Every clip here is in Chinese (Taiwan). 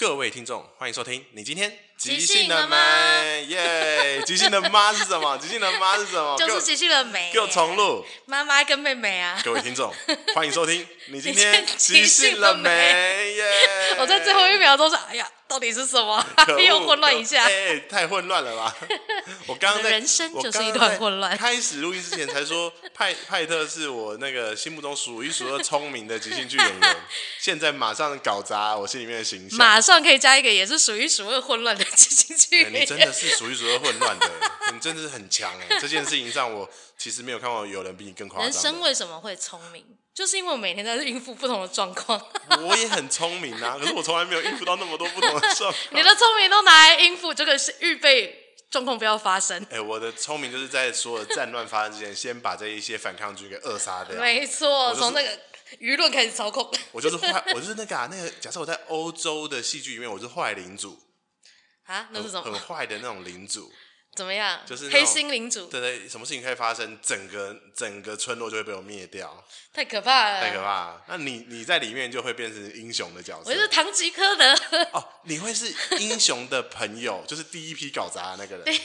各位聽眾，歡迎收聽。你今天即興的美耶！Yeah! 即興的媽是什麼？即興的媽是什麼？就是即興的美。給我重錄。媽媽跟妹妹啊。各位聽眾，歡迎收聽。你今天即興的美耶。Yeah! 我在最後一秒鐘說。哎呀，到底是什麼？又混亂一下，哎、欸欸，太混亂了吧！ 我剛剛人生就是一段混亂。剛剛在開始錄音之前才說派派特是我那個心目中數一數二聰明的即興劇演員， 現在馬上搞砸我心裡面的形象。馬上可以加一個，也是數一數二混亂的即興劇演員，你真的是數一數二混亂的， 你真的是很強哎！這件事情上，我其實沒有看過有人比你更誇張。人生為什麼會聰明？就是因為我每天在應付不同的狀況， 我也很聰明啊，可是我從來沒有應付到那麼多不同的狀況。 你的聰明都拿來應付這個是預備狀況不要發生。哎、欸，我的聰明就是在所有戰亂發生之前， 先把這一些反抗軍給扼殺的。沒錯，從、就是、那個輿論開始操控。 我就是壞，我就是那個啊，那個假設我在歐洲的戲劇裡面，我是壞領主啊，那是什麼？很壞的那種領主。怎麼樣？就是黑心領主，對，對對，什麼事情可以發生，整個整個村落就會被我滅掉，太可怕了，太可怕了。那你你在裡面就會變成英雄的角色，我是唐吉柯德哦，你會是英雄的朋友， 就是第一批搞砸的那個人。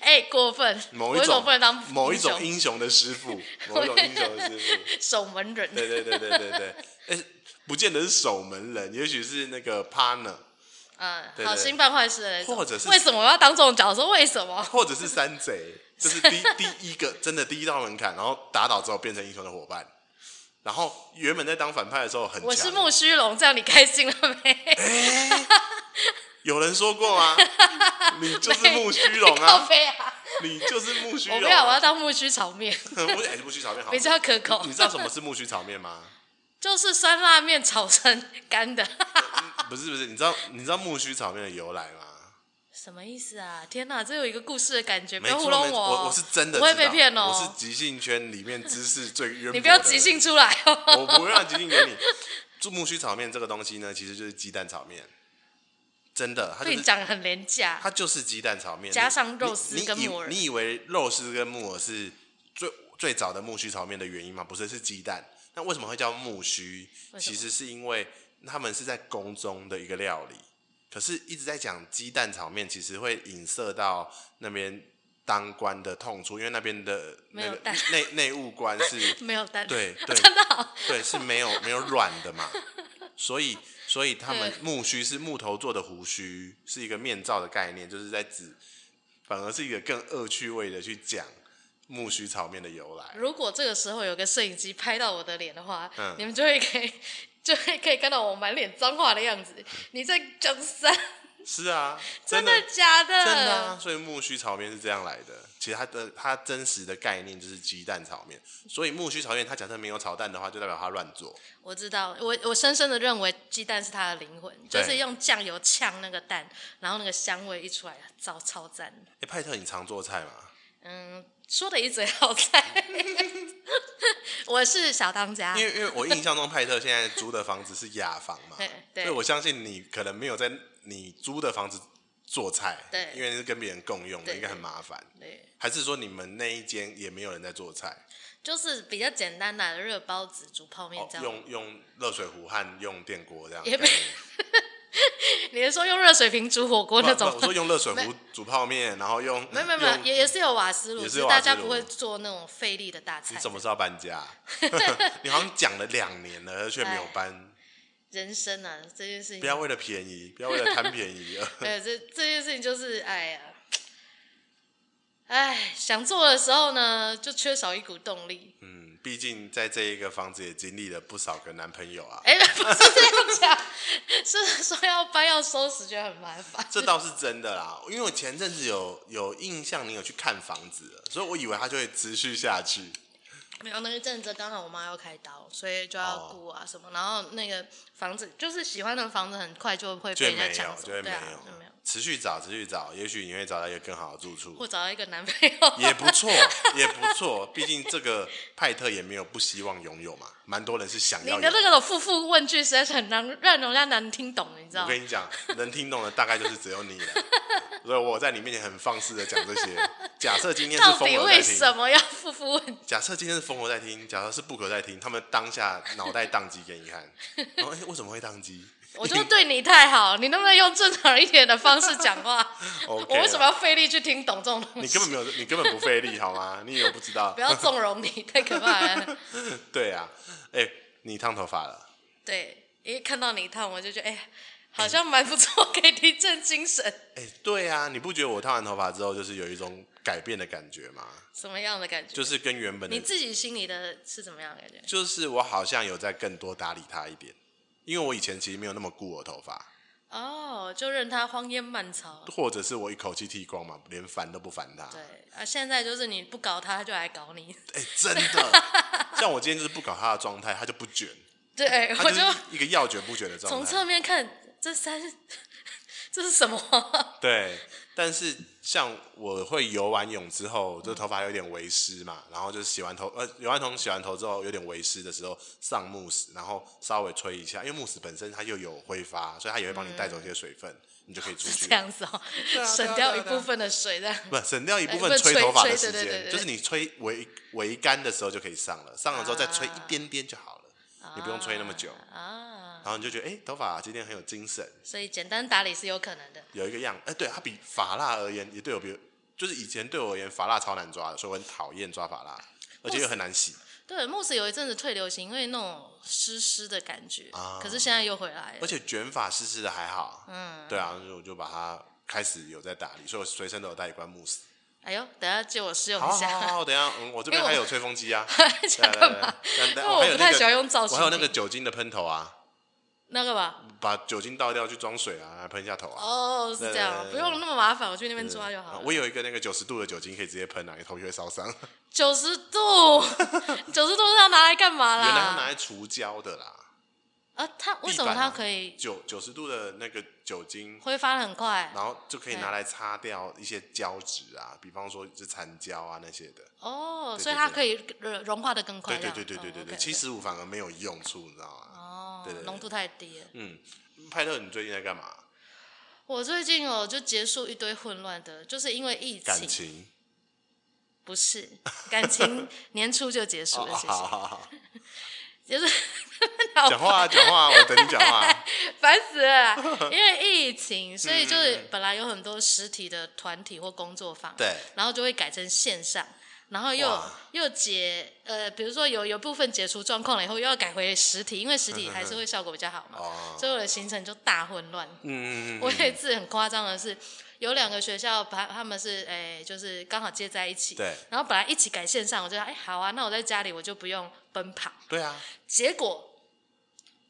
哎、欸，過分，某一種不能當某一種英雄的師傅，某一種英雄的師傅，師 守門人。對對對對對對，哎、欸，不見得是守門人，也許是那個帕呢。嗯，對對對，好心辦壞事的人，或者是為什麼我要當這種角色？為什麼？或者是山賊，這、就是第 第一個真的第一道門檻，然後打倒之後變成英雄的夥伴，然後原本在當反派的時候很強喔。我是木須龍，這樣你開心了沒？欸、 有人說過嗎？你就是木須龍啊！你就是木須龍。我不要，我要當木須炒麵。木是木須炒麵好，比較可口。你，你知道什麼是木須炒麵嗎？就是酸辣麵炒成乾的。 不是不是，你知道你知道木須炒麵的由來嗎？什麼意思啊？天哪，這有一個故事的感覺，別糊弄我,、哦、我！我我是真的不會被騙哦！我是即興圈裡面知識最淵博的你不要即興出來、哦！ 我不會讓即興給你。做木須炒面這個東西呢，其實就是雞蛋炒麵，真的。所以你講得、就是、很廉價，它就是雞蛋炒麵，加上肉絲跟木耳你,你,你以為肉絲跟木耳是最最早的木須炒麵的原因嗎？不是，是雞蛋。那為什麼會叫木須？其實是因為。他們是在宮中的一個料理，可是一直在講雞蛋炒麵，其實會影射到那邊當官的痛處，因為那邊的那個內沒有內內務官是 沒有蛋，對對、啊，對，是沒有沒有軟的嘛， 所以所以他們木須是木頭做的鬍鬚，是一個面罩的概念，就是在指，反而是一個更惡趣味的去講木須炒麵的由來。如果這個時候有個攝影機拍到我的臉的話，嗯，你們就會可以就可以看到我滿臉髒話的樣子，你在講啥？ 是啊，真，真的假的？真的，啊，所以木鬚炒麵是這樣來的。其實它的它真實的概念就是雞蛋炒麵，所以木鬚炒麵它假設沒有炒蛋的話，就代表它亂做。我知道，我我深深的認為雞蛋是它的靈魂，就是用醬油嗆那個蛋，然後那個香味一出來，超超讚的。哎、欸，派特，你常做菜嗎？嗯。說的一嘴好菜， 我是小當家。因為因為我印象中派特現在租的房子是雅房嘛 對，對，所以我相信你可能沒有在你租的房子做菜，對，因為是跟別人共用的，應該很麻煩。對，還是說你們那一間也沒有人在做菜？就是比較簡單的、啊、熱包子、煮泡麵這樣，哦、用用熱水壺和用電鍋這樣。也 你是說用熱水瓶煮火鍋那種？我說用熱水壺煮泡麵，然後用……沒有沒有沒有也也是有瓦斯爐，是，斯就是大家不會做那種費力的大菜。你什麼時候搬家？ 你好像講了兩年了，而卻沒有搬。人生啊，這件事情不要為了便宜，不要為了貪便宜啊。這這件事情就是哎呀。哎，想做的時候呢，就缺少一股動力。嗯，畢竟在這一個房子也經歷了不少個男朋友啊。哎、欸，不是這樣講， 是說要搬要收拾，覺得很麻煩。這倒是真的啦，因為我前陣子有有印象，你有去看房子，所以我以為它就會持續下去。沒有，那一陣子剛好我媽要開刀，所以就要顧啊什麼、哦，然後那個房子就是喜歡的房子，很快就會被人家搶走，對啊，就沒有。就沒有持續找，持續找，也許你會找到一個更好的住處，或找到一個男朋友也錯，也不錯，也不錯。畢竟這個派特也沒有不希望擁有嘛，蠻多人是想要有。你的那個複複問句實在是很難讓人家難聽懂，你知道我跟你講，能聽懂的大概就是只有你了。 所以我在你面前很放肆的講這些。假設今天到底為什麼要複複問？假設今天是瘋魔在聽，假設是布格在聽，他們當下腦袋宕機給你看、哦欸，為什麼會宕機？我就對你太好，你能不能用正常一點的方式講話？ okay、我為什麼要費力去聽懂這種東西？你根本沒有，你根本不費力好嗎？你也不知道？ 不要縱容你， 太可怕了。對呀、啊，哎、欸，你燙頭髮了？對，一看到你燙，我就覺得哎、欸，好像蠻不錯，可以提振精神。哎、欸，對啊，你不覺得我燙完頭髮之後，就是有一種改變的感覺嗎？什麼樣的感覺？就是跟原本的你自己心裡的是怎麼樣的感覺？就是我好像有在更多打理他一點。因為我以前其實沒有那麼顧我頭髮，哦，就任他荒煙蔓草，或者是我一口氣剃光嘛，連煩都不煩他。對啊，現在就是你不搞他，他就來搞你。哎、欸，真的， 像我今天就是不搞他的狀態，他就不卷。對，我就一個要卷不卷的狀態。從側面看，這三這是什麼、啊？對，但是。像我會游完泳之後，就頭髮有點微濕嘛，然後就是洗完頭，呃，游完桶洗完頭之後有點微濕的時候上慕斯，然後稍微吹一下，因為慕斯本身它又有揮發，所以它也會幫你帶走一些水分、嗯，你就可以出去。這樣子哦、喔，對啊對啊對啊，省掉一部分的水，不、啊啊、省掉一部分吹頭髮的時間，就是你吹微微乾的時候就可以上了，上了之後再吹一點點就好了，啊、你不用吹那麼久啊。然後你就覺得，哎、欸，頭髮今天很有精神。所以簡單打理是有可能的。有一個樣，哎、欸，對，它比髮蠟而言，也對我比，比如就是以前對我而言，髮蠟超難抓的，所以我很討厭抓髮蠟，而且又很難洗。對，慕斯有一陣子退流行，因為那種濕濕的感覺、啊，可是現在又回來了。而且捲髮濕濕的還好，嗯，對啊，就我就把它開始有在打理，所以我隨身都有帶一罐慕斯。哎呦，等下借我試用一下，好好好好等下、嗯，我這邊還有吹風機啊，真的嗎？不，因為我不太喜歡用造型我、那個，我還有那個酒精的噴頭啊。那個吧，把酒精倒掉去裝水啊，噴一下頭啊。哦、oh,，是這樣、呃，不用那麼麻煩、嗯，我去那邊抓就好了是是。我有一個那個九十度的酒精可以直接噴啊，頭就會燒傷。九十度，九 十度是要拿來幹嘛啦？原來要拿來除膠的啦。啊，他為什麼他可以九九十度的那個酒精揮發的很快，然後就可以拿來擦掉一些膠質啊，比方說是殘膠啊那些的。哦、oh,，所以它可以融化的更快。對對對對對對對，七十五反而沒有用處，你知道嗎？哦、濃度太低了，對對對。嗯，派特，你最近在幹嘛？我最近哦，就結束一堆混亂的，就是因為疫情，感情。不是，感情年初就結束了。 其實哦、好好好。就是講話講 話，話，我等你講話。煩 死了，因為疫情，所以就是本來有很多實體的團體或工作坊，對、嗯嗯，然後就會改成線上。然後又又解呃，比如說有有部分解除狀況了以後，又要改回實體，因為實體還是會效果比較好嘛，嗯哼哼 Oh。所以我的行程就大混亂。嗯我、嗯嗯嗯、我一次很誇張的是，有兩個學校把他們是哎、欸，就是剛好接在一起。對。然後本來一起改線上，我就說哎、欸、好啊，那我在家裡我就不用奔跑。對啊。結果，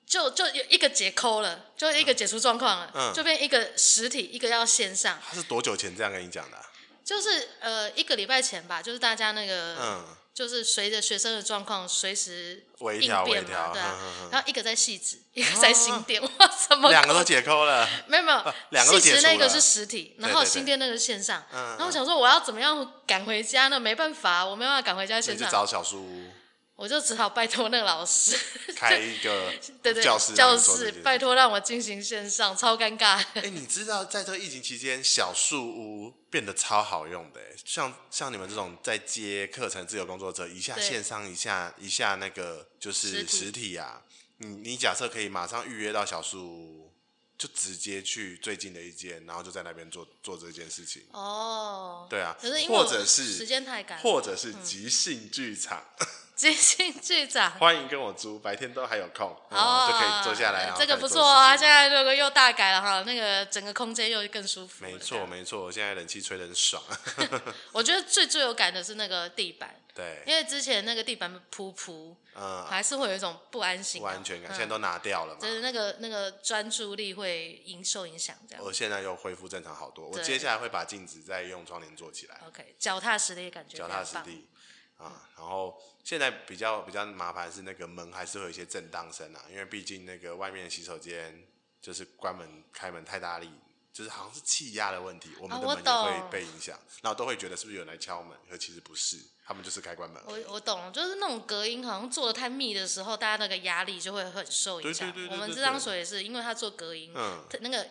就就有一個解扣了，就一個解除狀況了、嗯嗯，就變一個實體，一個要線上。他是多久前這樣跟你講的、啊？就是呃一個禮拜前吧，就是大家那個，嗯，就是隨着學生的狀況隨時應變嘛，對啊，呵呵。然後一個在汐止，一個在新店，哇，怎麼兩個都解扣了？沒有沒有，兩、啊、個汐止那個是實體，然後新店那個是線上。嗯，然後我想說我要怎麼樣趕回家呢？沒辦法，我沒辦法趕回家線上，你就找小樹屋，我就只好拜託那個老師開一個 對對教室，教室，拜託讓我進行線上，超尷尬。哎、欸，你知道在這個疫情期間小樹屋？變得超好用的，像像你們這種在接課程自由工作者，一下線上，一下一下那個就是實體啊，體你你假設可以馬上預約到小樹，就直接去最近的一間，然後就在那邊做做這件事情。哦，對啊，可是或者是時間太趕，或者是即興劇場。嗯 精心最作，歡迎跟我租，白天都還有空，哦嗯、就可以坐下來啊。這個不錯啊，現在這個又大改了哈，那個整個空間又更舒服。沒錯沒錯，現在冷氣吹的很爽。 我覺得最最有感的是那個地板，對，因為之前那個地板噗噗嗯，還是會有一種不安心、不安全感。現在都拿掉了嘛，嗯、就是那個那個專注力會影受影響這樣。我現在又恢復正常好多，我接下來會把鏡子再用窗簾做起來。OK，腳踏實地的感覺，腳踏實地啊、嗯嗯，然後。現在比較比較麻煩是那個門還是會有一些震盪聲啊，因為畢竟那個外面的洗手間就是關門、開門太大力，就是好像是氣壓的問題，我們的門也會被影響，然、啊、後都會覺得是不是有人來敲門，可其實不是，他們就是開關門。我我懂，就是那種隔音好像做得太密的時候，大家那個壓力就會很受一下。對對對對，對對對對對，我們這張床也是，因為它做隔音，嗯、它那個。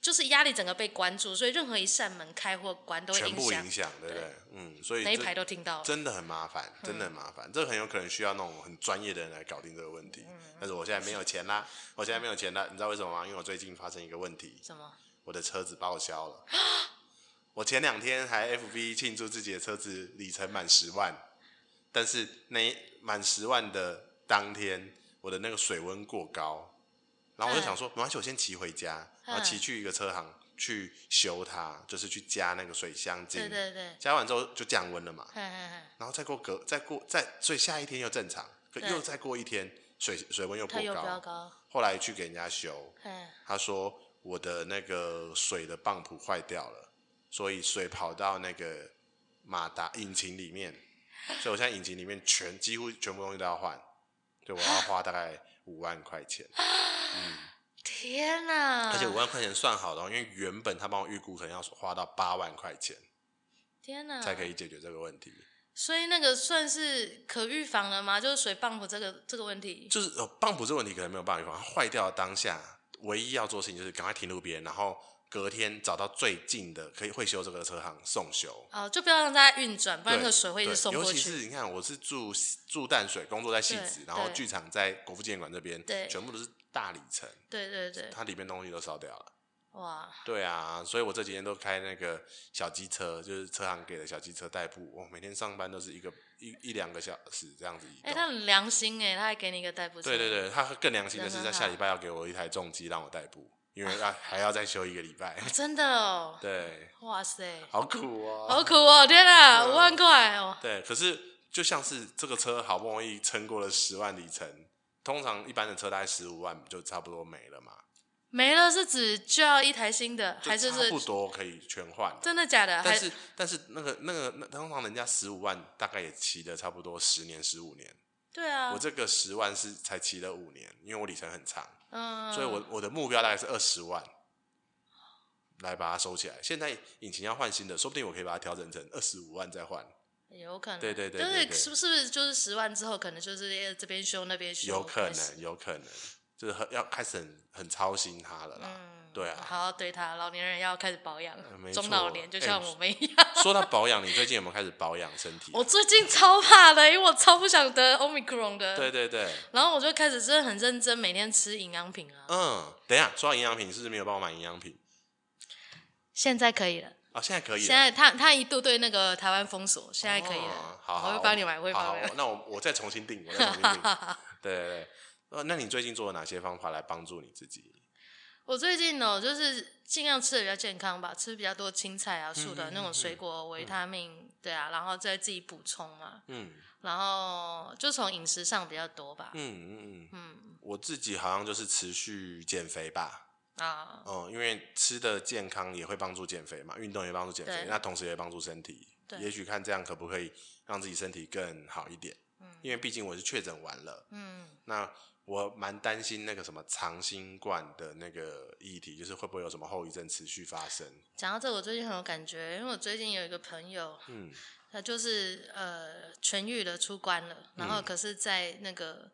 就是壓力整個被關住，所以任何一扇門開或關都會響，全部影響，對不對，對？嗯，所以每一排都聽到，真的很麻煩，嗯，真的很麻煩。這很有可能需要那種很專業的人來搞定這個問題。嗯、但是我現在沒有錢啦，我現在沒有錢啦。你知道為什麼嗎？因為我最近發生一個問題。什麼？我的車子報銷了。我前兩天還 FB 慶祝自己的車子里程滿十萬，但是那滿十萬的當天，我的那個水溫過高。然後我就想說，沒關係，我先騎回家，然後騎去一個車行去修它，就是去加那個水箱精。加完之後就降溫了嘛，然後再過隔，再過再，所以下一天又正常。可又再過一天，水水溫又過高，它又飆高。後來去給人家修，他說我的那個水的泵浦壞掉了，所以水跑到那個馬達引擎裡面，所以我現在引擎裡面全幾乎全部東西都要換，對我要花大概。五萬塊錢，嗯，天哪！而且五萬塊錢算好的，因為原本他幫我預估可能要花到八萬塊錢，天哪，才可以解決這個問題。所以那個算是可預防的嗎？就是水棒浦這個這個問題，就是棒浦、哦、這個問題可能沒有辦法預防，壞掉當下唯一要做的事情就是趕快停路邊，然後。隔天找到最近的可以會修這個車行送修，哦、就不要讓大家運轉，不然那個水會一直送過去。尤其是你看，我是住住淡水，工作在汐止，然後劇場在國父紀念館這邊，全部都是大里程。對對對，它裡面東西都燒掉了。哇！對啊，所以我這幾天都開那個小機車，就是車行給的小機車代步。我每天上班都是一個一一兩個小時這樣子一。哎，他很良心哎、欸，他還給你一個代步對對對，他更良心的是在下禮拜要給我一台重機讓我代步。因為啊，還要再修一個禮拜。 真的哦。對。哇塞。好苦哦。好苦哦！天哪，五萬塊哦。對，可是就像是這個車好不容易撐過了十萬里程，通常一般的車大概十五萬就差不多沒了嘛。沒了是指就要一台新的，還是差不多可以全換？是是真的假的？但是但是那個那個那通常人家十五萬大概也騎了差不多十年十五年。對啊。我這個十萬是才騎了五年，因為我里程很長。嗯，所以我我的目標大概是二十萬，來把它收起來。現在引擎要換新的，說不定我可以把它調整成二十五萬再換，有可能。對對,對對對，但是是不是就是十萬之後，可能就是這邊修那邊修，有可能，有可能，就是要開始很,很操心它了啦。嗯對啊，好對他，老年人要開始保養，沒錯，中老年就像我們一樣。欸、說，說到保養， 你最近有沒有開始保養身體、啊？我最近超怕的，因為我超不想得 Omicron 的。對對對。然後我就開始真的很認真，每天吃營養品啊。嗯，等一下，說到營養品，你是不是沒有幫我買營養品？現在可以了。啊、哦，現在可以了。現在他他一度對那個台灣封鎖，現在可以了。哦、好,好，我會幫你買，會幫你買。那我我再重新訂我再重新訂 對對對、呃，那你最近做了哪些方法來幫助你自己？我最近呢，就是盡量吃的比較健康吧，吃比較多青菜啊，素的嗯嗯嗯嗯那種水果、維他命、嗯，對啊，然後再自己補充嘛。嗯。然後就從飲食上比較多吧。嗯嗯嗯。嗯。我自己好像就是持續減肥吧。啊。嗯、呃，因為吃的健康也會幫助減肥嘛，運動也幫助減肥，那同時也幫助身體。對。也許看這樣可不可以讓自己身體更好一點。嗯。因為畢竟我是確診完了。嗯。那。我蠻擔心那個什麼長新冠的那個議題，就是會不會有什麼後遺症持續發生？講到這，我最近很有感覺，因為我最近有一個朋友，嗯，他就是呃痊癒了，出關了，然後可是在那個、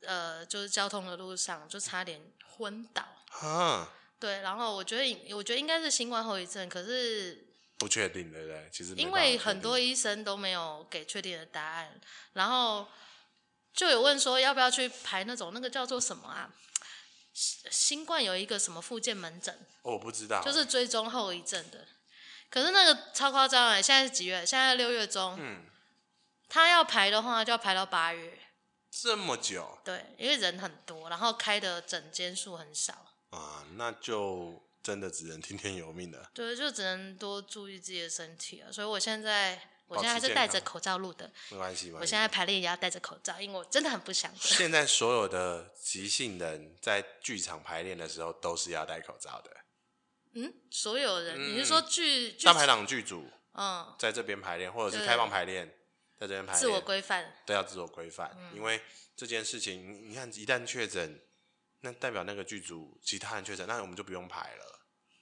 嗯、呃就是交通的路上就差點昏倒、啊。對，然後我覺得我覺得應該是新冠後遺症，可是不確定，對不對？其實沒有。因為很多醫生都沒有給確定的答案，然後。就有問說要不要去排那種那個叫做什麼啊？新冠有一個什麼復健門診？我、哦、不知道、欸，就是追蹤後遺症的。可是那個超誇張啊！現在是幾月？現在六月中。嗯。他要排的話，就要排到八月。這麼久。對，因為人很多，然後開的診間數很少。啊，那就真的只能聽天由命了。對，就只能多注意自己的身體了、啊。所以我現在。我現在還是戴着口罩錄的，沒關係。我現在排練也要戴着口罩，因為我真的很不想。現在所有的即興人在劇場排練的時候都是要戴口罩的。嗯，所有人，嗯、你是說劇大排檔劇組？嗯，在這邊排練，或者是開放排練，在這邊排練，自我規範，都要自我規範、嗯，因為這件事情，你看一旦確診，那代表那個劇組其他人確診，那我們就不用排了。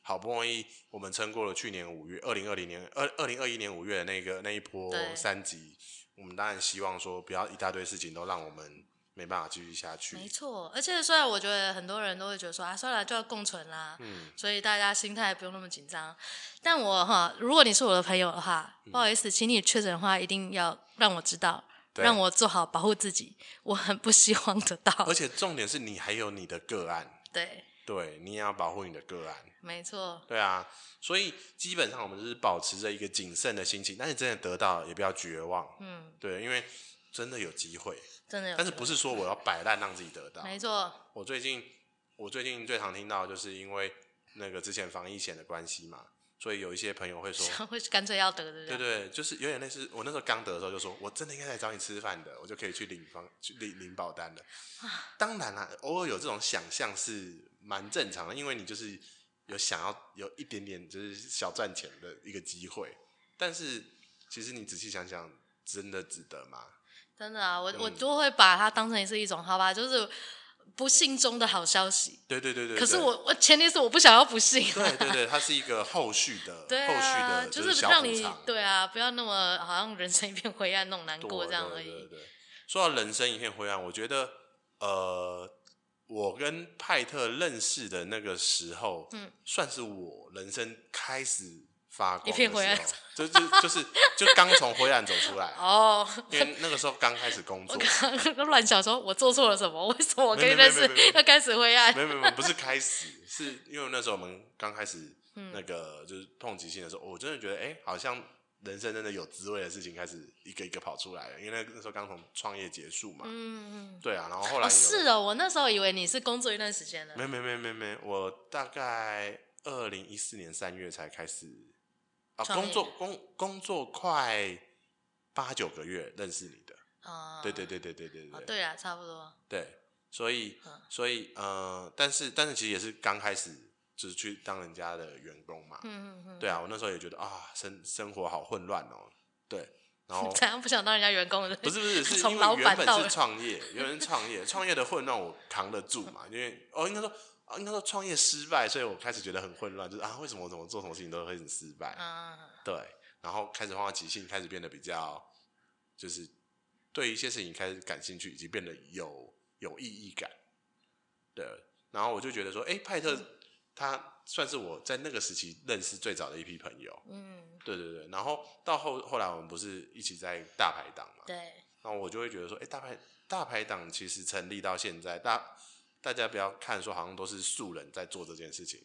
好不容易，我們撐過了去年五月，二零二零年二二零二一年五月的那個那一波三級，我們當然希望說不要一大堆事情都讓我們沒辦法繼續下去。沒錯，而且雖然我覺得很多人都會覺得說啊，算了，就要共存啦，嗯，所以大家心態不用那麼緊張。但我哈，如果你是我的朋友的話，不好意思，請你確診的話一定要讓我知道，讓我做好保護自己。我很不希望得到。而且重點是你還有你的個案，對。對你也要保護你的個案，沒錯。對啊，所以基本上我們就是保持着一個謹慎的心情。但是真的得到，也不要絕望。嗯，對，因為真的有機會，真的有機會。但是不是說我要擺爛讓自己得到？沒錯。我最近我最近最常聽到，就是因為那個之前防疫險的關係嘛。所以有一些朋友會說，會乾脆要得的，對對，就是有點類似。我那時候剛得的時候就說，我真的應該來找你吃飯的，我就可以去領房、去領領、領保單了。啊、當然啦、啊，偶爾有這種想象是蠻正常的，因為你就是有想要有一點點就是小賺錢的一個機會。但是其實你仔細想想，真的值得嗎？真的啊，我我都會把它當成是一種好吧，就是。不幸中的好消息。對對對對，對，對。可是我我前提是我不想要不幸，啊。對對對， 它是一個後續的，對啊，後續的就是，就是讓你，對啊，不要那麼好像人生一片灰暗那種難過這樣而已。對對對對，說到人生一片灰暗，我覺得呃，我跟派特認識的那個時候，嗯，算是我人生開始發光一片灰暗，就就就是就剛從灰暗走出來。 哦，因為那個時候剛開始工作，亂想說我做錯了什麼？為什麼我跟人是要開始灰暗？沒有沒有，不是開始，是因為那時候我們剛開始那個就是痛極性的時候，嗯，我真的覺得哎、欸，好像人生真的有滋味的事情開始一個一個跑出來了。因為那時候剛從創業結束嘛，嗯嗯，對啊。然後後來哦，是哦，我那時候以為你是工作一段時間了。沒沒沒沒沒，我大概二零一四年三月才開始。啊啊、工作工工作，快八九個月認識你的，啊、對對對對對對對，對，對、啊，對啊，差不多，對，所以所以呃，但是但是其實也是剛開始，就是去當人家的員工嘛，嗯嗯對啊，我那時候也覺得啊，生生活好混亂哦，對，然後怎樣不想當人家員工的？不是不是，是因為原本是創業，原本是創業，創業的混亂我扛得住嘛， 因為哦應該說。啊，應該說，創業失敗，所以我開始覺得很混亂，就是啊，為什麼我怎麼做什麼事情都會很失敗？嗯、uh...，對，然後開始放下即興，開始變得比較，就是對一些事情開始感興趣，以及變得有有意義感。對，然後我就覺得說，哎、欸，派特、嗯、他算是我在那個時期認識最早的一批朋友。嗯，對對對。然後到後後來我們不是一起在大排檔嘛？對。那我就會覺得說，哎、欸，大排大排檔其實成立到現在大。大家不要看說好像都是素人在做這件事情，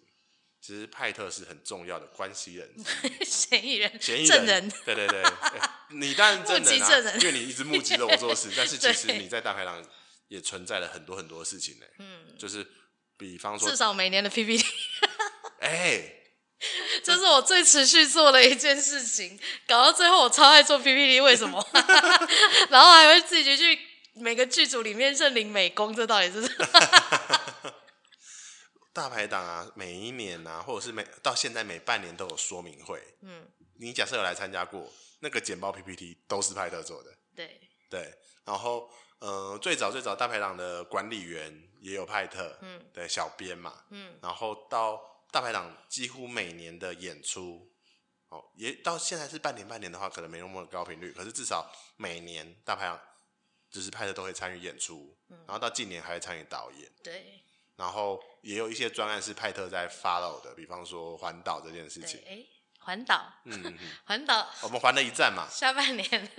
其實派特是很重要的關係人， 人、嫌疑人、嫌疑證人。對對對， 欸、你當然證人、啊，證人因為你一直目擊了我做事， 但是其實你在大排檔也存在了很多很多事情呢、欸。嗯，就是比方說，至少每年的 PPT，哎、 欸，這、就是我最持續做的一件事情，搞到最後我超愛做 PPT，為什麼？ 然後還會自己去。每個劇組裡面認領美工，這到底是什麼 大排檔啊？每一年啊，或者是每到現在每半年都有說明會。嗯，你假設有來參加過，那個簡報 PPT 都是派特做的。對對，然後呃，最早最早大排檔的管理員也有派特，嗯，對，小編嘛，嗯，然後到大排檔幾乎每年的演出，哦，也到現在是半年半年的話，可能沒那麼高頻率，可是至少每年大排檔。就是派特都會參與演出，嗯，然後到近年還會參與導演。對，然後也有一些專案是派特在 follow 的，比方說環島這件事情。哎，環島，嗯，環島，我們環了一站嘛，下半年，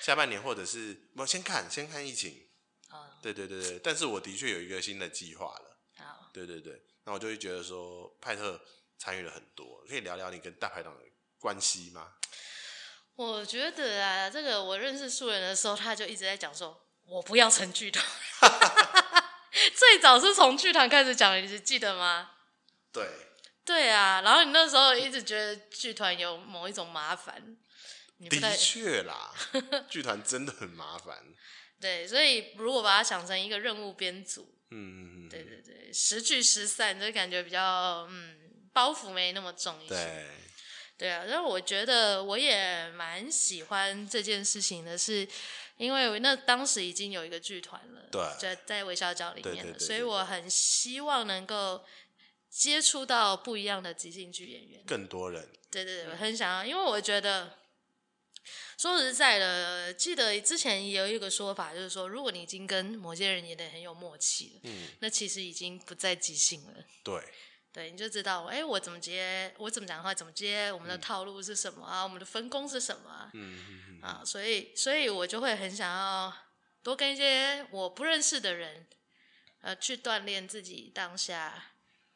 下半年或者是，我先看，先看疫情。對，哦，對對對，但是我的確有一個新的計劃了。哦，對對對，那我就會覺得說，派特參與了很多，可以聊聊你跟大排檔的關係嗎？我覺得啊，這個我認識素人的時候，他就一直在講說，我不要成劇團。 最早是從劇團開始講的，你是記得嗎？對。對啊，然後你那時候一直覺得劇團有某一種麻煩，你不太確啦，劇 團真的很麻煩。對，所以如果把它想成一個任務編組，嗯，對對對，時聚時散，就感覺比較嗯，包袱沒那麼重一些。對對啊，那我覺得我也蠻喜歡這件事情的是，是因為那當時已經有一個劇團了，在在微笑角裡面，對對對對對對對，所以我很希望能夠接觸到不一樣的即興劇演員，更多人。對對對，我很想要，因為我覺得說實在的，記得之前也有一個說法，就是說，如果你已經跟某些人演得很有默契了，嗯，那其實已經不再即興了。對。對，你就知道，哎、欸，我怎麼接，我怎麼講話，怎麼接我們的套路是什麼啊？嗯、我們的分工是什麼啊？啊、嗯，所以，所以我就會很想要多跟一些我不認識的人，呃、去鍛鍊自己當下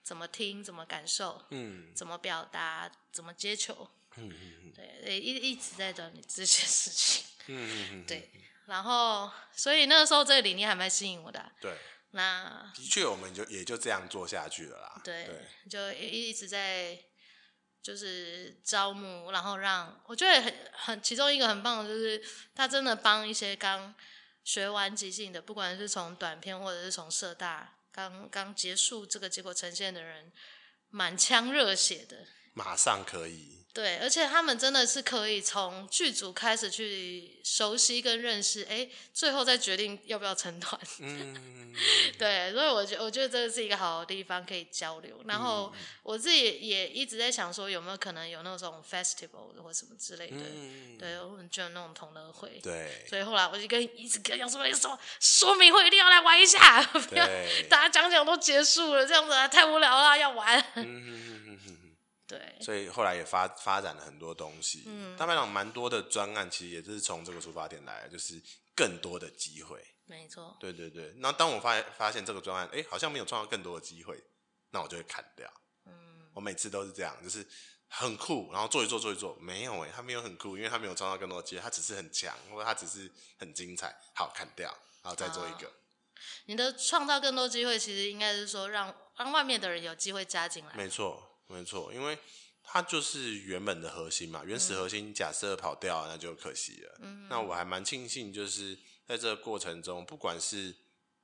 怎麼聽，怎麼感受，嗯、怎麼表達，怎麼接球、嗯，對，一一直在等你這些事情、嗯哼哼，對，然後，所以那個時候這個理念還蠻吸引我的、啊，對。那的確，我們就也就這樣做下去了啦。對，對就一一直在就是招募，然後讓我覺得很很其中一個很棒的就是他真的幫一些剛學完即興的，不管是從短片或者是從社大剛剛結束這個結果呈現的人，滿腔熱血的，馬上可以。對，而且他們真的是可以從劇組開始去熟悉跟認識，哎，最後再決定要不要成團。嗯、 對，所以我覺得我覺得這個是一個好的地方，可以交流、嗯。然後我自己也一直在想說，有沒有可能有那種 festival 或什麼之類的？嗯、對我們就有那種同樂會。對。所以後來我就跟一直跟楊淑說，說明會一定要來玩一下。對。 大家講講都結束了，這樣子、啊、太無聊了、啊，要玩。嗯嗯嗯嗯。對，所以後來也發發展了很多東西，嗯、大班長蠻多的專案，其實也就是從這個出發點來的，就是更多的機會。沒錯。對對對。那當我發發現這個專案，哎、欸，好像沒有創造更多的機會，那我就會砍掉。嗯。我每次都是這樣，就是很酷，然後做一做做一做，沒有哎、欸，他沒有很酷，因為他沒有創造更多的機會，他只是很強，或者他只是很精彩，好，砍掉，然後再做一個。哦、你的創造更多機會，其實應該是說讓讓外面的人有機會加進來。沒錯。沒錯，因為它就是原本的核心嘛，原始核心假設跑掉了，嗯、那就可惜了。嗯、那我還蠻慶幸，就是在這個過程中，不管是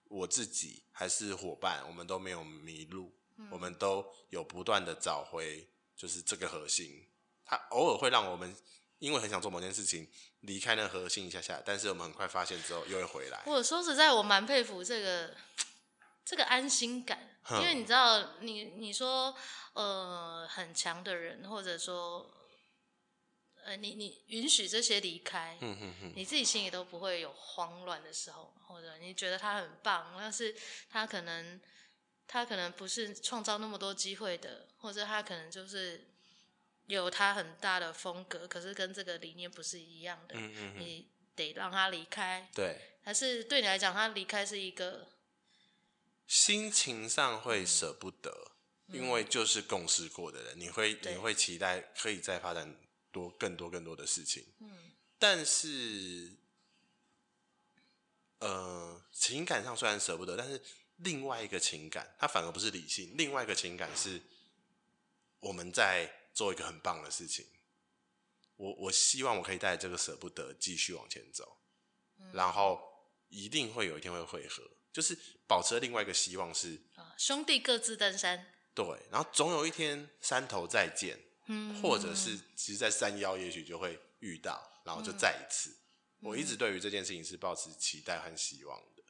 我自己還是夥伴，我們都沒有迷路，嗯，我們都有不斷的找回，就是這個核心。它偶爾會讓我們因為很想做某件事情，離開那個核心一下下，但是我們很快發現之後，又會回來。我說實在，我蠻佩服這個。這個安心感，因為你知道，你你說，呃，很強的人，或者說，呃，你你允許這些離開，嗯哼哼，你自己心裡都不會有慌亂的時候，或者你覺得他很棒，但是他可能他可能不是創造那麼多機會的，或者他可能就是有他很大的風格，可是跟這個理念不是一樣的，嗯，你得讓他離開，對，還是對你來講，他離開是一個。心情上會捨不得，嗯，因為就是共事過的人，嗯、你會你會期待可以再發展多更多更多的事情。嗯，但是，呃，情感上雖然捨不得，但是另外一個情感，它反而不是理性，另外一個情感是我們在做一個很棒的事情。我我希望我可以帶這個捨不得繼續往前走，嗯，然後一定會有一天會會合。就是保持了另外一個希望，是啊，兄弟各自登山。對，然後總有一天山頭再見，嗯，或者是其實在山腰，也許就會遇到，然後就再一次。我一直對於這件事情是抱持期待和希望的。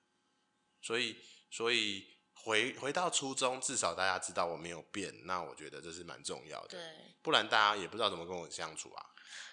所以，所以回回到初中，至少大家知道我沒有變，那我覺得這是蠻重要的。對，不然大家也不知道怎麼跟我相處啊。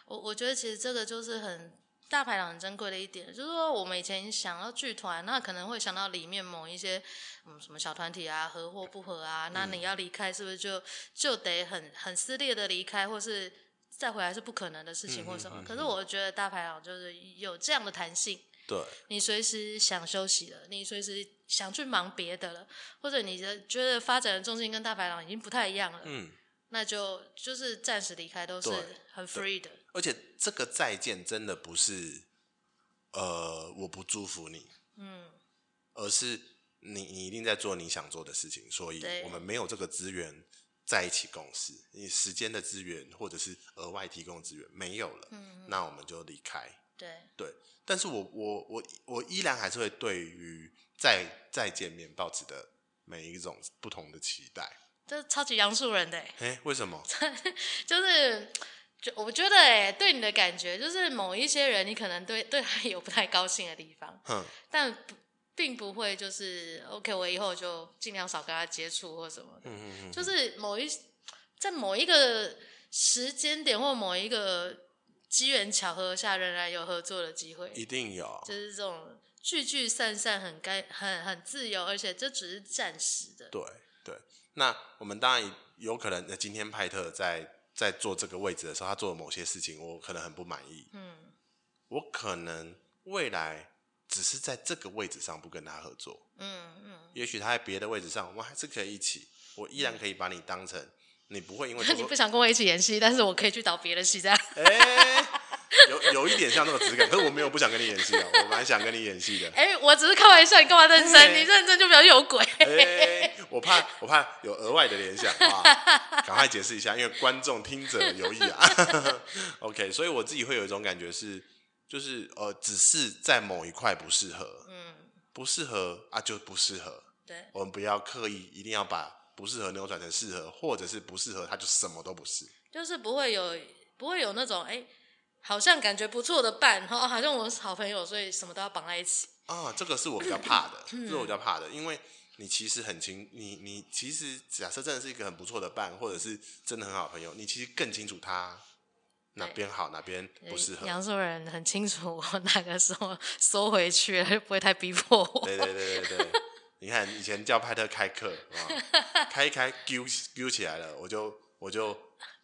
我我覺得其實這個就是很大排檔很珍貴的一點，就是說我們以前想到劇團，那可能會想到裡面某一些，嗯，什麼小團體啊，合或不合啊，那你要離開是不是就就得很很撕裂的離開，或是再回來是不可能的事情或什麼？嗯嗯嗯、可是我覺得大排檔就是有這樣的彈性，對，你隨時想休息了，你隨時想去忙別的了，或者你的覺得發展的重心跟大排檔已經不太一樣了，嗯，那就就是暫時離開都是很 free 的。而且這個再見真的不是，呃，我不祝福你，嗯，而是你你一定在做你想做的事情，所以我們沒有這個資源在一起共事，你時間的資源或者是額外提供資源沒有了，嗯嗯，那我們就離開，對，對但是我我我我依然還是會對於再再見面抱持的每一種不同的期待，這超級楊樹人的，哎、欸，為什麼？ 就是。就我覺得哎、欸，對你的感覺就是某一些人，你可能對對他有不太高興的地方，嗯，但不並不會就是 OK，我以後就盡量少跟他接觸或什麼的，嗯哼嗯哼，就是某一在某一個時間點或某一個機緣巧合下，仍然有合作的機會，一定有，就是這種聚聚散散很該很很自由，而且這只是暫時的，對對。那我們當然有可能，今天派特在。在做這個位置的時候，他做了某些事情，我可能很不滿意。嗯，我可能未來只是在這個位置上不跟他合作。嗯嗯，也許他在別的位置上，我們還是可以一起。我依然可以把你當成、嗯、你不會因為你不想跟我一起演戲，但是我可以去導別的戲這樣。哎、欸，有有一點像那種質感，可是我沒有不想跟你演戲啊、喔，我蠻想跟你演戲的。哎、欸，我只是開玩笑，你幹嘛認真、欸？你認真就表示有鬼。欸欸我怕，我怕有額外的聯想，好不好？ 趕快解釋一下，因為觀眾聽者有意啊。 OK，所以我自己會有一種感覺是，就是呃，只是在某一塊不適合，嗯，不適合啊，就不適合。對，我們不要刻意一定要把不適合扭轉成適合，或者是不適合，他就什麼都不是。就是不會有，不會有那種哎、欸，好像感覺不錯的伴哈，好像我們是好朋友，所以什麼都要綁在一起。啊、哦，這個是我比較怕的、 嗯，是我比較怕的，因為。你其實很清，你你其實假設真的是一個很不錯的伴，或者是真的很好朋友，你其實更清楚他哪邊好，哪邊不適合。楊素人很清楚我哪個時候收回去了，就不會太逼迫我。對對對對對， 你看以前叫派特開課， 開一開，Q Q 起來了，我就我就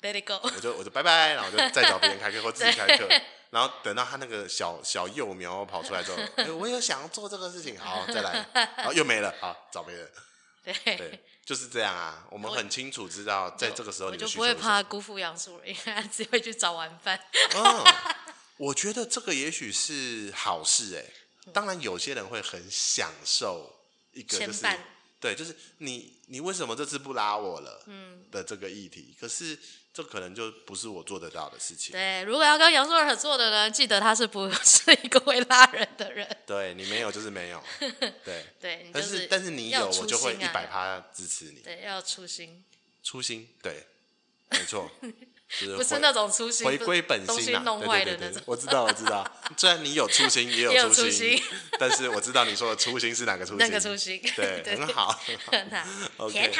Let it go，我就我就拜拜，然後就再找別人開課 或自己開課。然後等到他那個小小幼苗跑出來之後，欸、我有想要做這個事情，好，再來，好，又沒了，好，找沒人，對對，就是這樣啊。我們很清楚知道，在這個時候你就不會怕辜負楊素，因為他只會去找晚飯、哦。我覺得這個也許是好事哎、欸，當然有些人會很享受一個就是。對，就是你，你為什麼這次不拉我了？嗯，的這個議題、嗯，可是這可能就不是我做得到的事情。對，如果要跟楊素爾合作的呢，記得他是不是一個會拉人的人？對，你沒有就是沒有，對 對。但是，你是、啊、但是你有，我就會一百趴支持你。對，要初心，初心對，沒錯。 就是、不是那種初心，回歸本心吶、啊，對對對，對我知道我知道。雖然你有初心，也有初心， 也有初心，但是我知道你說的初心是哪個初心？哪、那個初心？對，對，很對很很，很好，很好。OK。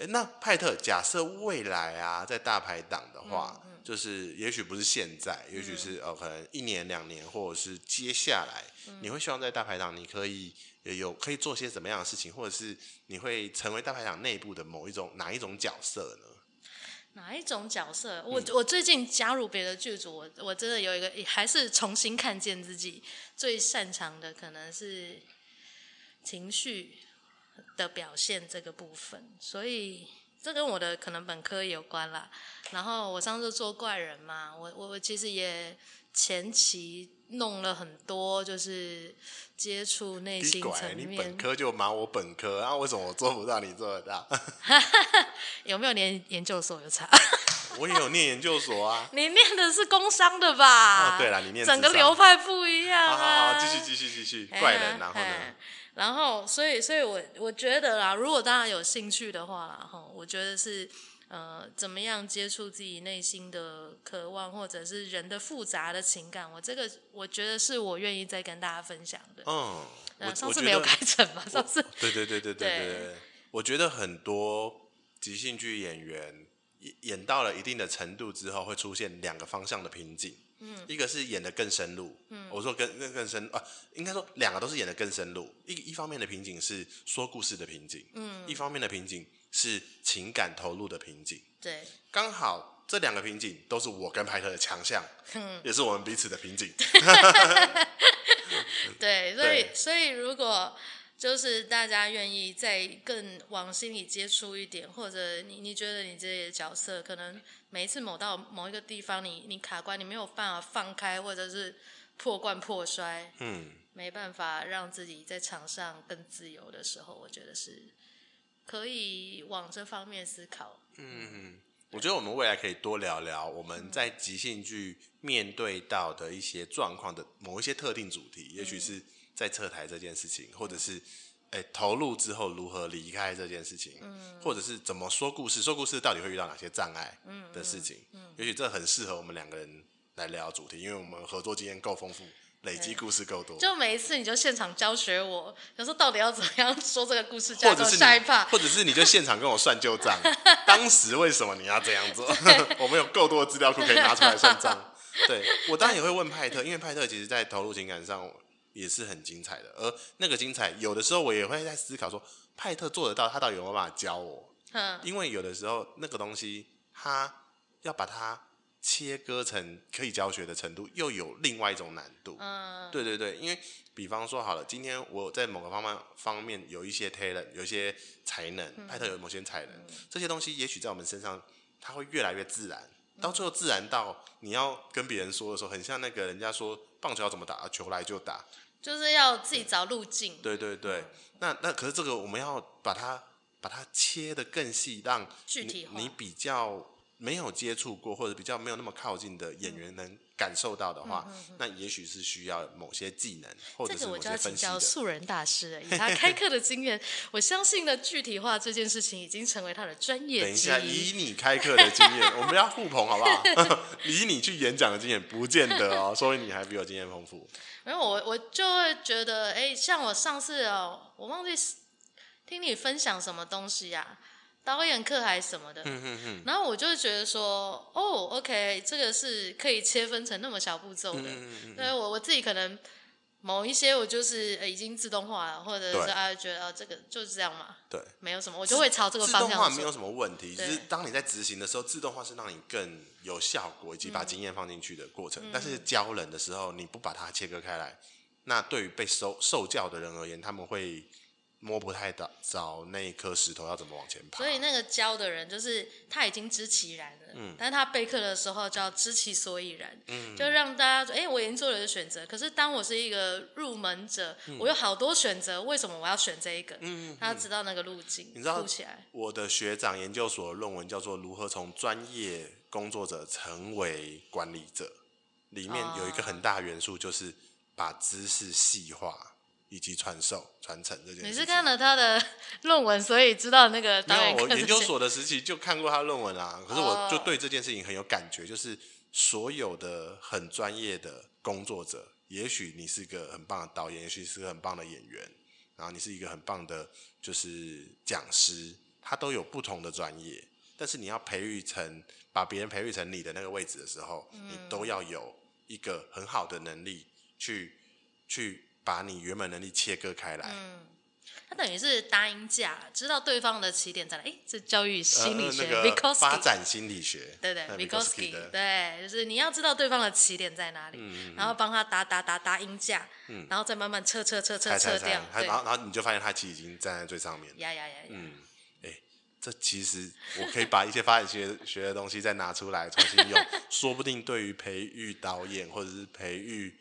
欸、那派特，假設未來啊，在大排檔的話、嗯，就是也許不是現在，嗯、也許是哦、呃，可能一年兩年，或者是接下來，嗯、你會希望在大排檔，你可以有，有可以做些什麼樣的事情，或者是你會成為大排檔內部的某一種哪一種角色呢？哪一種角色？我我最近加入別的劇組，我我真的有一個，還是重新看見自己最擅長的，可能是情緒的表現這個部分。所以這跟我的可能本科有關啦。然後我上次做怪人嘛，我我我其實也前期。弄了很多，就是接觸內心層面。你本科就忙，我本科，啊，為什麼我做不到？你做得到？ 有沒有念研究所有差？ 我也有念研究所啊。 你念的是工商的吧？哦，啊，對了，你念整個流派不一樣，啊、好，好，好繼續繼續繼續，怪人，哎，然後呢、哎？然後，所以，所以我我覺得啦，如果大家有興趣的話，啦，哈，我覺得是。呃，怎麼樣接觸自己內心的渴望，或者是人的複雜的情感？我這個我覺得是我願意再跟大家分享的。嗯，嗯，我上次沒有開成吧？上次。對對對對對對，對，對。我覺得很多即興劇演員演到了一定的程度之後，會出現兩個方向的瓶頸。嗯。一個是演的更深入。嗯。我說更更更深啊，應該說兩個都是演的更深入。一一方面的瓶頸是說故事的瓶頸。嗯。一方面的瓶頸。是情感投入的瓶頸。對，剛好這兩個瓶頸都是我跟派特的強項，嗯，也是我們彼此的瓶頸。對，所以所以如果就是大家願意再更往心裡接觸一點，或者你你覺得你這些角色可能每一次摸到某一個地方你，你你卡關，你沒有辦法放開，或者是破罐破摔，嗯，沒辦法讓自己在場上更自由的時候，我覺得是。可以往這方面思考。嗯，我覺得我們未來可以多聊聊我們在即興劇面對到的一些狀況的某一些特定主題，也許是在撤台這件事情，或者是、欸、投入之後如何離開這件事情，或者是怎麼說故事、說故事到底會遇到哪些障礙的事情。嗯，也許這很適合我們兩個人來聊主題，因為我們合作經驗夠豐富。累積故事夠多，就每一次你就現場教學我，有時候到底要怎麼樣說這個故事，或者是，或者是你就現場跟我算舊賬， 當時為什麼你要這樣做？ 我們有夠多資料庫可以拿出來算賬。對， 對我當然也會問派特，因為派特其實在投入情感上也是很精彩的，而那個精彩，有的時候我也會在思考說，派特做得到，他到底有沒有辦法教我？嗯、因為有的時候那個東西他要把它。切割成可以教學的程度，又有另外一種難度。嗯，對對對，因為比方說好了，今天我在某個方面方面有一些 talent，有一些才能，嗯、派特有某些才能，嗯、這些東西也許在我們身上，它會越來越自然，到最後自然到你要跟別人說的時候，很像那個人家說棒球要怎麼打，球來就打，就是要自己找路徑、嗯。對對對，對、嗯，那那可是這個我們要把它把它切得更細，讓你，你比較。沒有接觸過或者比較沒有那麼靠近的演員能感受到的話，嗯、哼哼，那也許是需要某些技能，或者是某些分析、這個，我就要請教素人大師，以他開課的經驗， 我相信呢，具體化這件事情已經成為他的專業。等一下，以你開課的經驗， 我們要互捧好不好？以 你去演講的經驗，不見得哦、喔，所以你還比我經驗豐富。沒有，我我就會覺得，哎、欸，像我上次哦、喔，我忘記聽你分享什麼東西呀、啊。導演課還是什麼的、嗯哼哼，然後我就會覺得說，哦，OK，這個是可以切分成那麼小步驟的。嗯、哼哼。對，我我自己可能某一些我就是、欸、已經自動化了，或者是啊覺得啊這個就是這樣嘛，對，沒有什麼，我就會朝這個方向。自動化沒有什麼問題，就是當你在執行的時候，自動化是讓你更有效果，以及把經驗放進去的過程。嗯、哼哼。但是教人的時候，你不把它切割開來，那對於被受受教的人而言，他們會。摸不太到，找那一顆石頭要怎麼往前爬，所以那個教的人就是他已經知其然了，嗯，但是他備課的時候叫知其所以然，嗯，就讓大家說，哎、欸，我已經做了一個選擇，可是當我是一個入門者，嗯、我有好多選擇，為什麼我要選這一個？嗯，嗯他知道那個路徑、嗯嗯，你知道，我的學長研究所論文叫做《如何從專業工作者成為管理者》，裡面有一個很大元素就是把知識細化。以及傳授、傳承這件事情。你是看了他的論文，所以知道那個導演。我研究所的時期就看過他論文啦、啊。可是，我就對這件事情很有感覺，哦、就是所有的很專業的工作者，也許你是一個很棒的導演，也許是個很棒的演員，然後你是一個很棒的，就是講師，他都有不同的專業。但是，你要培育成把別人培育成你的那個位置的時候，你都要有一個很好的能力去、嗯、去。把你原本能力切割開來，嗯，他等於是搭鷹架，知道對方的起點在哪，哎、欸，這教育心理學，呃、那個 Mikoski、發展心理學，對對 Vygotsky 對，就是你要知道對方的起點在哪裡，嗯嗯、然後幫他搭搭搭搭鷹架、嗯，然後再慢慢撤撤撤撤掉，然後然後你就發現他其實已經站在最上面了，呀呀呀，嗯，哎、欸，這其實我可以把一些發展學 學的東西再拿出來重新用， 說不定對於培育導演或者是培育。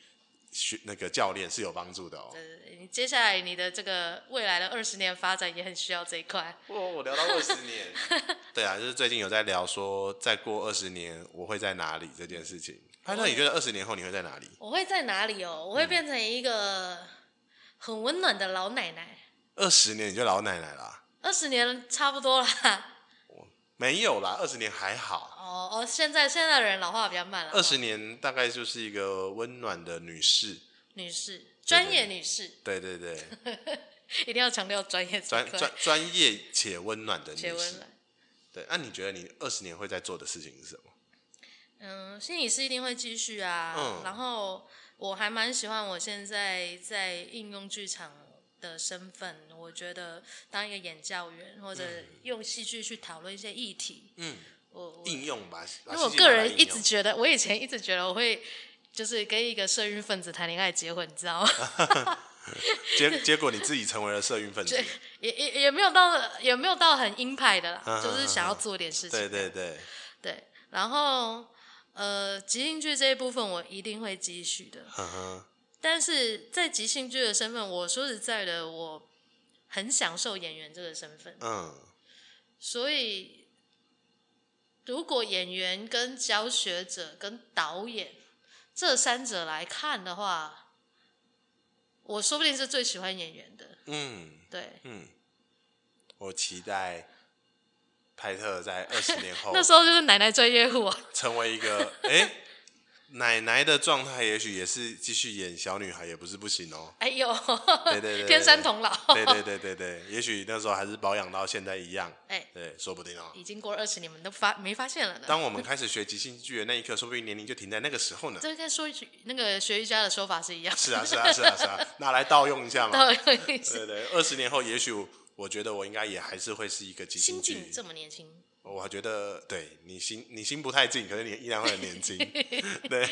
學那個教練是有幫助的哦、喔。對對，你接下來你的這個未來的二十年發展也很需要這一塊。我我聊到二十年。 對啊，就是最近有在聊說，再過二十年我會在哪裡這件事情。派特，你覺得二十年後你會在哪裡？我會在哪裡哦、喔？我會變成一個很溫暖的老奶奶。二十年你就老奶奶啦？二十年差不多啦。我沒有啦，二十年還好。哦，現在現在的人老化比較慢了。二十年大概就是一個溫暖的女士，女士，專業女士，對對對，對對對 一定要強調專業專專專業且溫暖的女士。對，那、啊、你覺得你二十年會在做的事情是什麼？嗯，心理師一定會繼續啊、嗯。然後我還蠻喜歡我現在在應用劇場的身份，我覺得當一個演教員或者用戲劇去討論一些議題，嗯。嗯應用吧，因為我個人一直覺得，我以前一直覺得我會就是跟一個社運分子談戀愛結婚，你知道嗎？ 結結果你自己成為了社運分子，也也也沒有到也沒有到很鷹派的啦，啊哈啊哈，就是想要做點事情。對對對對，對。然後呃，即興劇這一部分我一定會繼續的，啊，但是在即興劇的身份，我說實在的，我很享受演員這個身份，嗯，所以。如果演員、跟教學者、跟導演這三者來看的話，我說不定是最喜歡演員的。嗯，對，嗯，我期待派特在二十年後， 那時候就是奶奶專業戶、喔，成為一個、欸 奶奶的狀態，也許也是繼續演小女孩，也不是不行哦，喔。哎呦，對對對，天山童姥。對對對對對，對對對對，也許那時候還是保養到現在一樣。哎，欸，對，說不定哦，喔。已經過了二十年，你們都發沒發現了呢？當我們開始學即興劇的那一刻， 說不定年齡就停在那個時候呢。這跟說一句，那個學瑜伽的說法是一樣的。是啊是啊是啊是啊，拿，啊啊啊，來盜用一下嘛。盜 用一下，對對，二十年後，也許我覺得我應該也還是會是一個即興劇。這麼年輕。我覺得對你心你心不太近，可是你依然會很年輕。 對，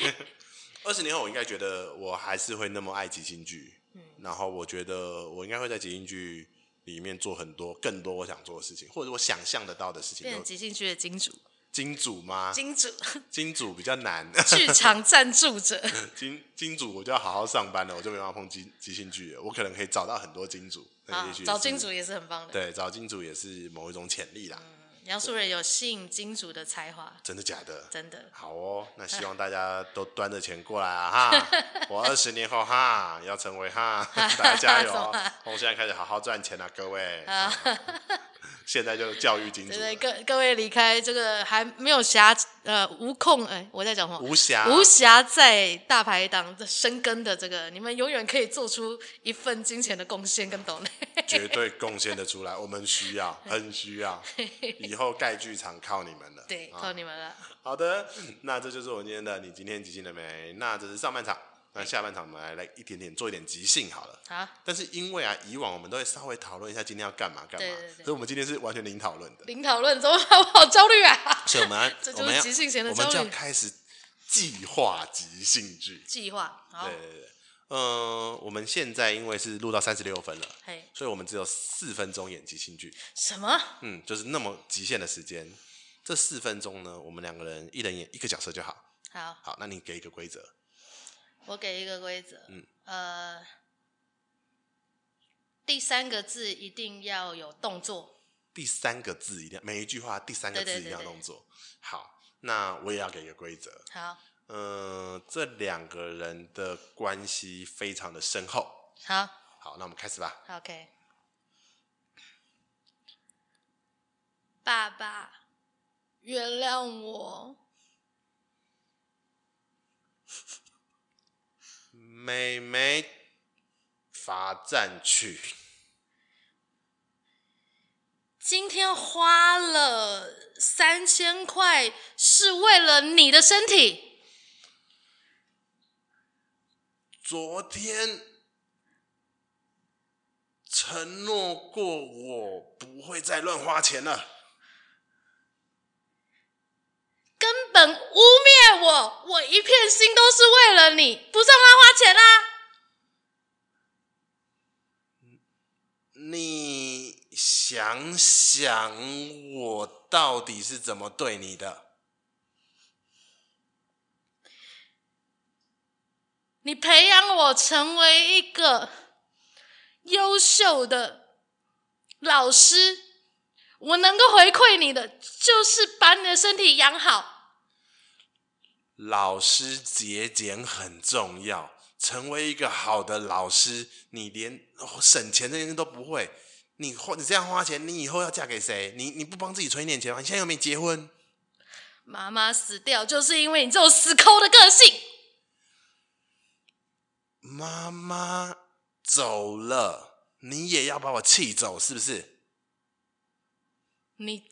二十年後我應該覺得我還是會那麼愛即興劇。嗯，然後我覺得我應該會在即興劇裡面做很多更多我想做的事情，或者我想象得到的事情。變即興劇的金主？金主嗎？金主？金主比較難。劇場贊助者。金金主我就要好好上班了，我就沒辦法碰即即興劇了。我可能可以找到很多金主。啊，對，也許也是。找金主也是很棒的。對，找金主也是某一種潛力啦。嗯楊素人有吸引金主的才華，真的假的？真的。好哦，那希望大家都端着錢過來啊！ 哈，我二十年後哈要成為哈， 大家加油哦、 啊！我現在開始好好賺錢了、啊，各位。 現在就教育金主各 各位離開這個還沒有暇，呃無空哎、欸，我在講話，無暇無暇在大排檔深耕的這個，你們永遠可以做出一份金錢的貢獻跟 donate。絕對貢獻得出來，我們需要，很需要。以後蓋劇場靠你們了。對、啊，靠你們了。好的，那這就是我們今天的，你今天即興了沒？那這是上半場，那下半場我們來來一點點做一點即興好了。好。但是因為啊，以往我們都會稍微討論一下今天要幹嘛幹嘛，對對對，所以我們今天是完全零討論的。零討論怎麼好？我好焦慮啊！所以我要，我們要我們就要開始計即興前的焦慮開始計劃即興劇，計劃。對對，對。嗯、呃，我們現在因為是錄到三十六分了，hey. 所以我們只有四分鐘演即興劇。什麼？嗯，就是那麼極限的時間。這四分鐘呢，我們兩個人一人演一個角色就好。好，好，那你給一個規則。我給一個規則。嗯，呃，第三個字一定要有動作。第三個字一定要，要每一句話第三個字一定要動作。對對對對，好，那我也要給一個規則。好。嗯、呃，這兩個人的關係非常的深厚。好，好，那我們開始吧。OK，爸爸原諒我，妹妹罰站去。今天花了三千塊，是為了你的身體。昨天承諾過我不會再亂花錢了，根本污蔑我！我一片心都是為了你，不算亂花錢啦！啊！你想想，我到底是怎麼對你的？你培養我成為一個優秀的老師，我能夠回饋你的就是把你的身體養好。老師節儉很重要，成為一個好的老師，你連省錢的人都不會，你花你這樣花錢，你以後要嫁給誰？你你不幫自己存一點錢嗎？你現在又沒結婚，媽媽死掉就是因為你這種死摳的個性。媽媽走了，你也要把我氣走，是不是？你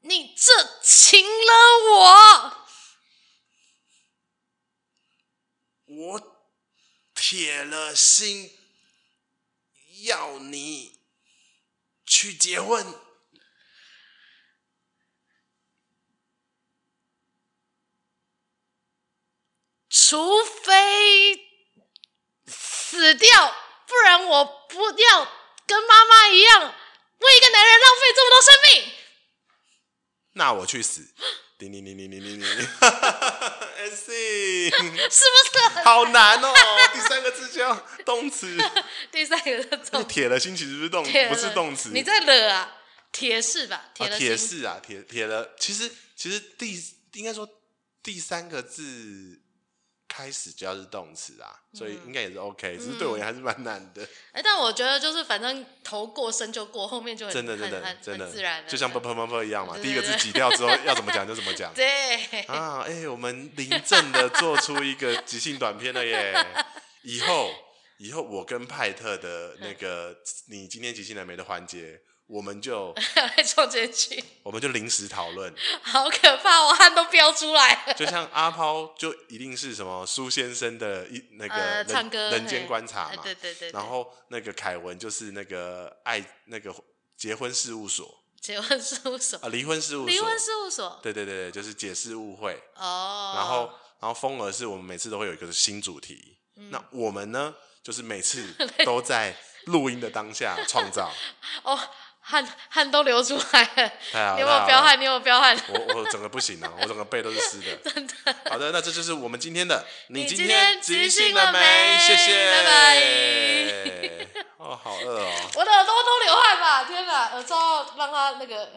你這情了我，我鐵了心要你去結婚。嗯除非死掉，不然我不要跟媽媽一樣，為一個男人浪費這麼多生命。那我去死！叮叮叮叮叮叮叮，哈哈哈哈 c 是不是？好難哦、喔！ 第三個字叫動詞。 第三個字鐵了心，其實是不是動？不是動詞。你在惹啊？鐵是吧？鐵鐵是啊，鐵鐵、啊、了。其實其實第應該說第三個字。開始就要是動詞啊，所以應該也是 OK，、嗯、只是對我也還是蠻難的。哎、嗯欸，但我覺得就是反正頭過身就過，後面就自然。真的真的真的，就像嘣嘣嘣嘣一樣嘛。第一個字擠掉之後， 要怎麼講就怎麼講。對啊，哎、欸，我們臨陣的做出一個即興短片了耶！ 以後以後我跟派特的那個，嗯、你今天即興來沒的環節。我們就創進去，我們就臨時討論， 好可怕、哦，我汗都飆出來了 就像阿拋，就一定是什麼蘇先生的一那個、呃、唱歌人間觀察嘛，對對，對對對。然後那個凱文就是那個愛那個結婚事務所，結婚事務所啊，離婚事務離婚事務所，對對對，就是解釋誤會哦。然後然後風兒是我們每次都會有一個新主題，嗯、那我們呢，就是每次都在錄音的當下創造 哦。汗汗都流出來了，你有沒有飆汗？你有沒有飆汗？我我整個不行了、啊， 我整個背都是濕的，真的。好的，那這就是我們今天的，你今天即興了沒？了沒，謝謝，拜拜。 哦，好餓啊、哦！我的耳朵都流汗吧。天哪，耳罩讓它那個。